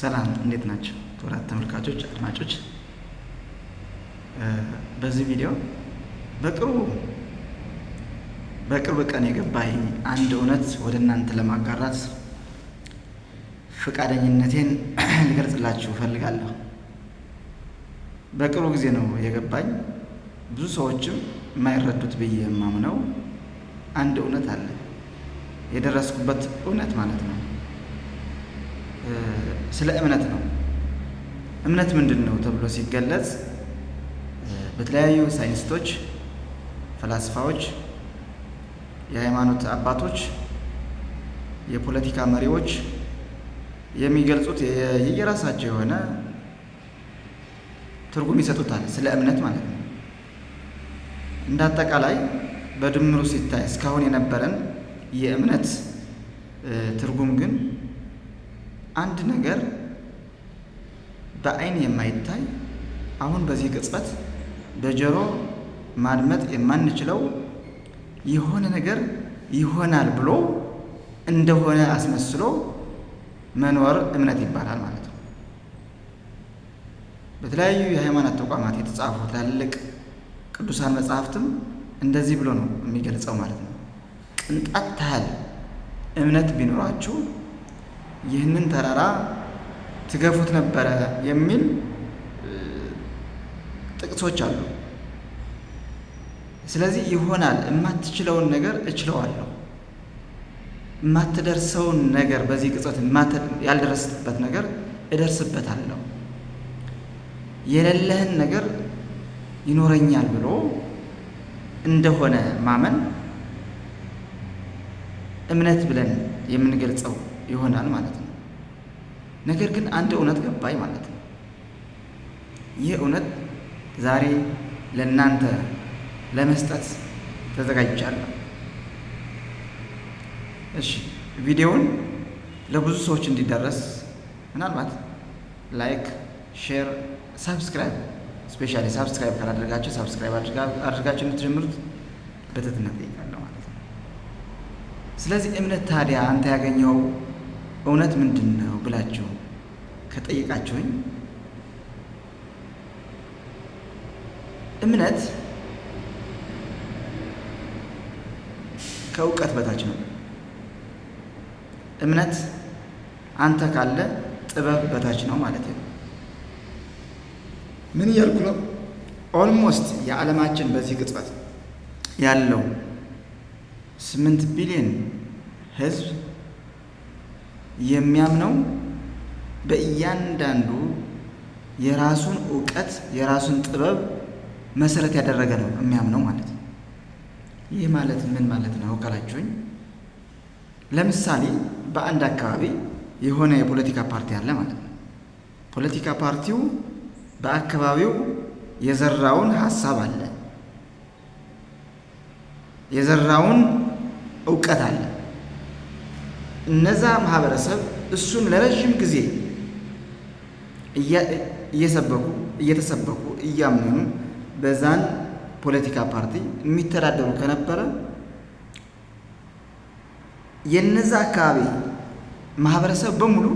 ሰላም እንዴት ናቸው ክቡራት ተመልካቾች፣ አድማጮች በዚህ ቪዲዮ በቅርቡ በቅርብ ቀን የገባኝ አንድ እውነት ወደ እናንተ ለማጋራት ፈቃደኝነቴን ልገልጽላችሁ እፈልጋለሁ። በቅርቡ ጊዜ ነው የገባኝ። ብዙ ሰዎችም የማይረዱት ብዬ የማምነው አንድ እውነት አለ፣ የደረስኩበት እውነት ማለት ነው። ስለ እምነት ነው። እምነት ምንድን ነው ተብሎ ሲገለጽ በተለያዩ ሳይንስቶች፣ ፈላስፋዎች፣ የሃይማኖት አባቶች፣ የፖለቲካ መሪዎች የሚገልጹት የየራሳቸው የሆነ ትርጉም ይሰጡታል፣ ስለ እምነት ማለት ነው። እንደ አጠቃላይ በድምሩ ሲታይ እስካሁን የነበረን የእምነት ትርጉም ግን አንድ ነገር በአይን የማይታይ አሁን በዚህ ቅጽበት በጆሮ ማድመጥ የማንችለው የሆነ ነገር ይሆናል ብሎ እንደሆነ አስመስሎ መኖር እምነት ይባላል ማለት ነው። በተለያዩ የሃይማኖት ተቋማት የተጻፉ ትላልቅ ቅዱሳን መጽሐፍትም እንደዚህ ብሎ ነው የሚገልጸው ማለት ነው። ቅንጣት ታህል እምነት ቢኖራችሁ ይህንን ተራራ ትገፉት ነበረ የሚል ጥቅሶች አሉ። ስለዚህ ይሆናል የማትችለውን ነገር እችለዋለሁ፣ የማትደርሰውን ነገር በዚህ ቅጽበት ያልደረስበት ነገር እደርስበታለሁ፣ የሌለህን ነገር ይኖረኛል ብሎ እንደሆነ ማመን እምነት ብለን የምንገልጸው ይሆናል ማለት ነው። ነገር ግን አንድ እውነት ገባኝ ማለት ነው። ይህ እውነት ዛሬ ለእናንተ ለመስጠት ተዘጋጅቻለሁ። እሺ፣ ቪዲዮውን ለብዙ ሰዎች እንዲደረስ ምናልባት ላይክ፣ ሼር፣ ሳብስክራይብ ስፔሻሊ ሳብስክራይብ ካላደረጋችሁ ሳብስክራይብ አድርጋችሁ የምትጀምሩት በትህትና እጠይቃለሁ ማለት ነው። ስለዚህ እምነት ታዲያ አንተ ያገኘው እውነት ምንድን ነው ብላችሁ ከጠየቃችሁኝ እምነት ከእውቀት በታች ነው። እምነት አንተ ካለ ጥበብ በታች ነው ማለት ነው። ምን እያልኩ ነው? ኦልሞስት የዓለማችን በዚህ ቅጽበት ያለው ስምንት ቢሊዮን ህዝብ የሚያምነው በእያንዳንዱ የራሱን እውቀት የራሱን ጥበብ መሰረት ያደረገ ነው የሚያምነው ማለት ነው። ይህ ማለት ምን ማለት ነው ካላችሁኝ፣ ለምሳሌ በአንድ አካባቢ የሆነ የፖለቲካ ፓርቲ አለ ማለት ነው። ፖለቲካ ፓርቲው በአካባቢው የዘራውን ሀሳብ አለ፣ የዘራውን እውቀት አለ እነዛ ማህበረሰብ እሱን ለረዥም ጊዜ እየሰበኩ እየተሰበኩ እያመኑ በዛን ፖለቲካ ፓርቲ የሚተዳደሩ ከነበረ የነዛ አካባቢ ማህበረሰብ በሙሉ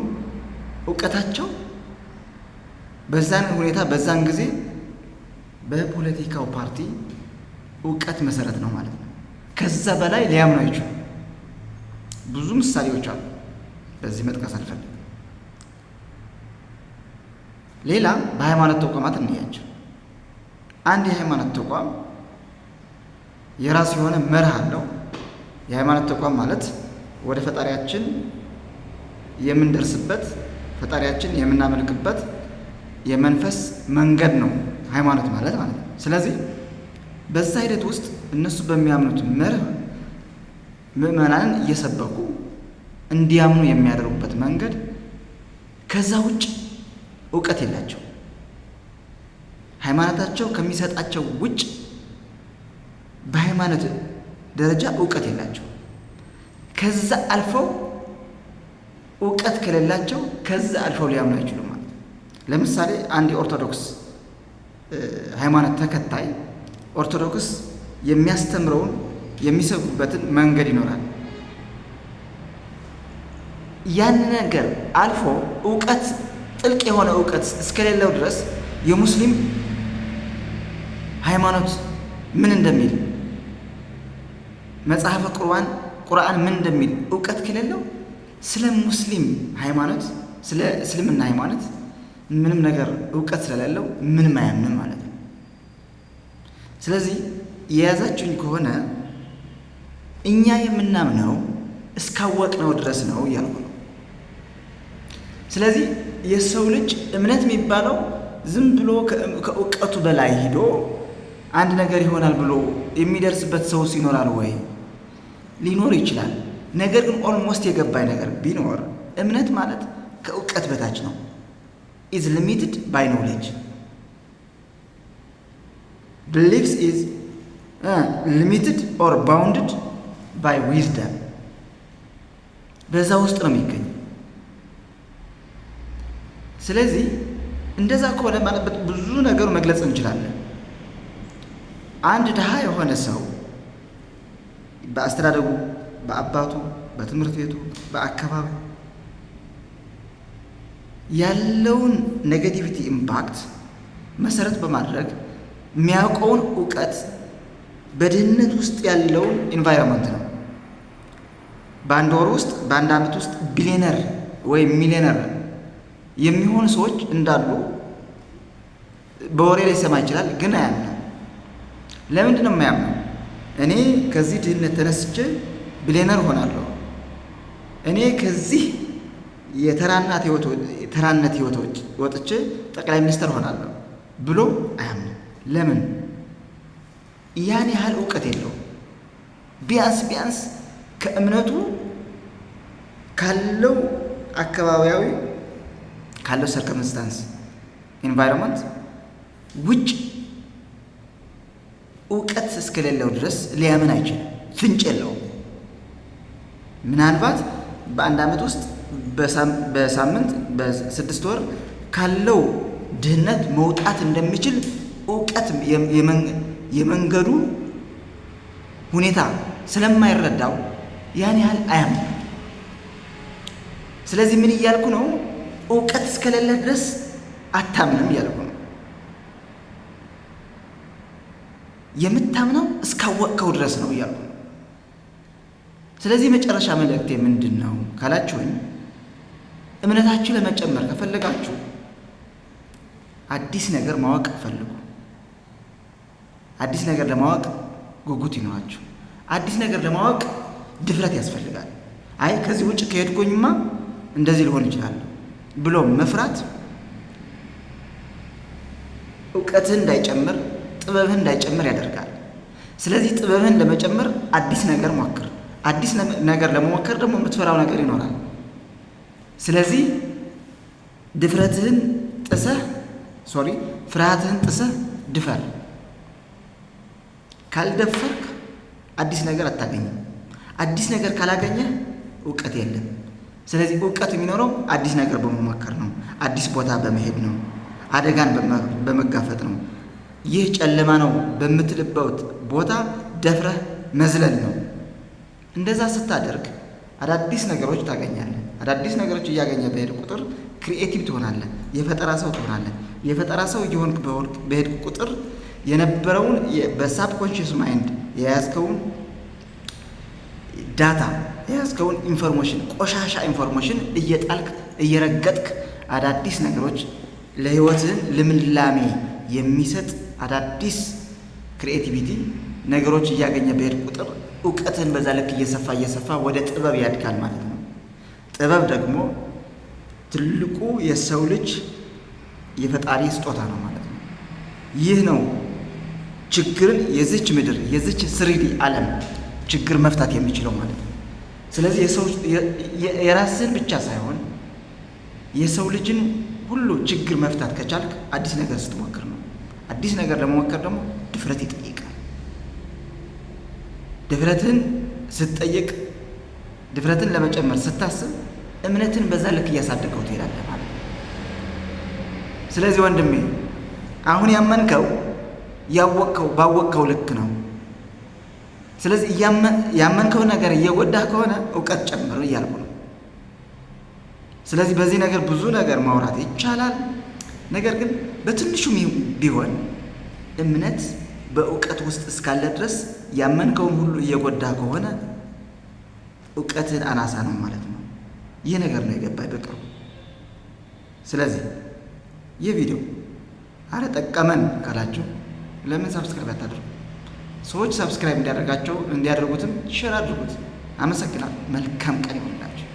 እውቀታቸው በዛን ሁኔታ በዛን ጊዜ በፖለቲካው ፓርቲ እውቀት መሰረት ነው ማለት ነው። ከዛ በላይ ሊያምኑ አይችሉም። ብዙ ምሳሌዎች አሉ። በዚህ መጥቀስ አልፈልግም። ሌላ በሃይማኖት ተቋማት እንያቸው። አንድ የሃይማኖት ተቋም የራሱ የሆነ መርህ አለው። የሃይማኖት ተቋም ማለት ወደ ፈጣሪያችን የምንደርስበት ፈጣሪያችን የምናመልክበት የመንፈስ መንገድ ነው ሃይማኖት ማለት ማለት ነው። ስለዚህ በዛ ሂደት ውስጥ እነሱ በሚያምኑት መርህ ምእመናንን እየሰበኩ እንዲያምኑ የሚያደርጉበት መንገድ ከዛ ውጭ እውቀት የላቸው። ሃይማኖታቸው ከሚሰጣቸው ውጭ በሃይማኖት ደረጃ እውቀት የላቸው። ከዛ አልፈው እውቀት ከሌላቸው ከዛ አልፈው ሊያምኑ አይችሉም ማለት ለምሳሌ አንድ የኦርቶዶክስ ሃይማኖት ተከታይ ኦርቶዶክስ የሚያስተምረውን የሚሰብኩበትን መንገድ ይኖራል። ያን ነገር አልፎ እውቀት ጥልቅ የሆነ እውቀት እስከሌለው ድረስ የሙስሊም ሃይማኖት ምን እንደሚል መጽሐፈ ቁርአን ቁርአን ምን እንደሚል እውቀት ከሌለው ስለ ሙስሊም ሃይማኖት ስለ እስልምና ሃይማኖት ምንም ነገር እውቀት ስለሌለው ምንም አያምንም ማለት ነው። ስለዚህ የያዛችሁኝ ከሆነ እኛ የምናምነው እስካወቅነው ድረስ ነው እያልኩ ነው። ስለዚህ የሰው ልጅ እምነት የሚባለው ዝም ብሎ ከእውቀቱ በላይ ሂዶ አንድ ነገር ይሆናል ብሎ የሚደርስበት ሰው ይኖራል ወይ? ሊኖር ይችላል። ነገር ግን ኦልሞስት የገባኝ ነገር ቢኖር እምነት ማለት ከእውቀት በታች ነው። ኢዝ ሊሚትድ ባይ ኖሌጅ ብሊፍስ ኢዝ ሊሚትድ ኦር ባውንድድ ባይ ዊዝደም በዛ ውስጥ ነው የሚገኝ። ስለዚህ እንደዛ ከሆነ ማለት ብዙ ነገሩ መግለጽ እንችላለን። አንድ ድሃ የሆነ ሰው በአስተዳደጉ፣ በአባቱ፣ በትምህርት ቤቱ፣ በአካባቢው ያለውን ኔጌቲቪቲ ኢምፓክት መሰረት በማድረግ የሚያውቀውን እውቀት በድህነት ውስጥ ያለውን ኢንቫይሮንመንት ነው በአንድ ወር ውስጥ በአንድ ዓመት ውስጥ ቢሊዮነር ወይም ሚሊዮነር የሚሆኑ ሰዎች እንዳሉ በወሬ ሰማ ይችላል፣ ግን አያምነው። ለምንድን ነው የማያምነው? እኔ ከዚህ ድህነት ተነስቼ ቢሊዮነር ሆናለሁ፣ እኔ ከዚህ የተራነት ህይወቶች ወጥቼ ጠቅላይ ሚኒስትር ሆናለሁ ብሎ አያምነው። ለምን? ያን ያህል እውቀት የለውም። ቢያንስ ቢያንስ ከእምነቱ ካለው አካባቢያዊ ካለው ሰርከምስታንስ ኢንቫይሮንመንት ውጭ እውቀት እስከሌለው ድረስ ሊያምን አይችልም። ፍንጭ የለውም። ምናልባት በአንድ ዓመት ውስጥ በሳምንት በስድስት ወር ካለው ድህነት መውጣት እንደሚችል እውቀት የመንገዱ ሁኔታ ስለማይረዳው ያን ያህል አያምን። ስለዚህ ምን እያልኩ ነው? እውቀት እስከሌለ ድረስ አታምንም እያልኩ ነው። የምታምነው እስካወቅከው ድረስ ነው እያልኩ ነው። ስለዚህ መጨረሻ መልእክቴ ምንድን ነው ካላችሁኝ፣ እምነታችሁ ለመጨመር ከፈለጋችሁ አዲስ ነገር ማወቅ ፈልጉ። አዲስ ነገር ለማወቅ ጉጉት ይኖራችሁ። አዲስ ነገር ለማወቅ ድፍረት ያስፈልጋል። አይ ከዚህ ውጭ ከሄድኩኝማ እንደዚህ ሊሆን ይችላል ብሎ መፍራት እውቀትህ እንዳይጨምር ጥበብህን እንዳይጨምር ያደርጋል። ስለዚህ ጥበብህን ለመጨመር አዲስ ነገር ሞክር። አዲስ ነገር ለመሞከር ደግሞ የምትፈራው ነገር ይኖራል። ስለዚህ ድፍረትህን ጥሰህ ሶሪ ፍርሃትህን ጥሰህ ድፈር። ካልደፈርክ አዲስ ነገር አታገኝም። አዲስ ነገር ካላገኘ እውቀት የለም። ስለዚህ እውቀት የሚኖረው አዲስ ነገር በመሞከር ነው፣ አዲስ ቦታ በመሄድ ነው፣ አደጋን በመጋፈጥ ነው። ይህ ጨለማ ነው በምትልበት ቦታ ደፍረህ መዝለል ነው። እንደዛ ስታደርግ አዳዲስ ነገሮች ታገኛለህ። አዳዲስ ነገሮች እያገኘ በሄድ ቁጥር ክሪኤቲቭ ትሆናለህ፣ የፈጠራ ሰው ትሆናለህ። የፈጠራ ሰው እየሆንክ በሄድ ቁጥር የነበረውን በሳብኮንሽስ ማይንድ የያዝከውን ዳታ የያዝከውን ኢንፎርሜሽን ቆሻሻ ኢንፎርሜሽን እየጣልክ እየረገጥክ አዳዲስ ነገሮች ለህይወትህን ልምላሜ የሚሰጥ አዳዲስ ክሪኤቲቪቲ ነገሮች እያገኘ በሄድ ቁጥር እውቀትህን በዛ ልክ እየሰፋ እየሰፋ ወደ ጥበብ ያድጋል ማለት ነው። ጥበብ ደግሞ ትልቁ የሰው ልጅ የፈጣሪ ስጦታ ነው ማለት ነው። ይህ ነው ችግርን የዚች ምድር የዚች ስሪዲ ዓለም ችግር መፍታት የሚችለው ማለት ነው። ስለዚህ የራስን ብቻ ሳይሆን የሰው ልጅን ሁሉ ችግር መፍታት ከቻልክ አዲስ ነገር ስትሞክር ነው። አዲስ ነገር ለመሞከር ደግሞ ድፍረት ይጠይቃል። ድፍረትን ስትጠይቅ፣ ድፍረትን ለመጨመር ስታስብ፣ እምነትን በዛ ልክ እያሳደገው ትሄዳለህ ማለት ነው። ስለዚህ ወንድሜ አሁን ያመንከው ያወቅከው ባወቅከው ልክ ነው። ስለዚህ ያመንከው ነገር እየጎዳህ ከሆነ እውቀት ጨምር እያልኩ ነው። ስለዚህ በዚህ ነገር ብዙ ነገር ማውራት ይቻላል። ነገር ግን በትንሹም ቢሆን እምነት በእውቀት ውስጥ እስካለ ድረስ ያመንከውን ሁሉ እየጎዳህ ከሆነ እውቀትህን አናሳ ነው ማለት ነው። ይህ ነገር ነው የገባኝ በቅርቡ። ስለዚህ ይህ ቪዲዮ አረ ጠቀመን ካላችሁ ለምን ሳብስክራይብ አታደርጉ? ሰዎች ሰብስክራይብ እንዲያደርጋቸው እንዲያደርጉትም ሼር አድርጉት። አመሰግናለሁ። መልካም ቀን ይሆንላቸው።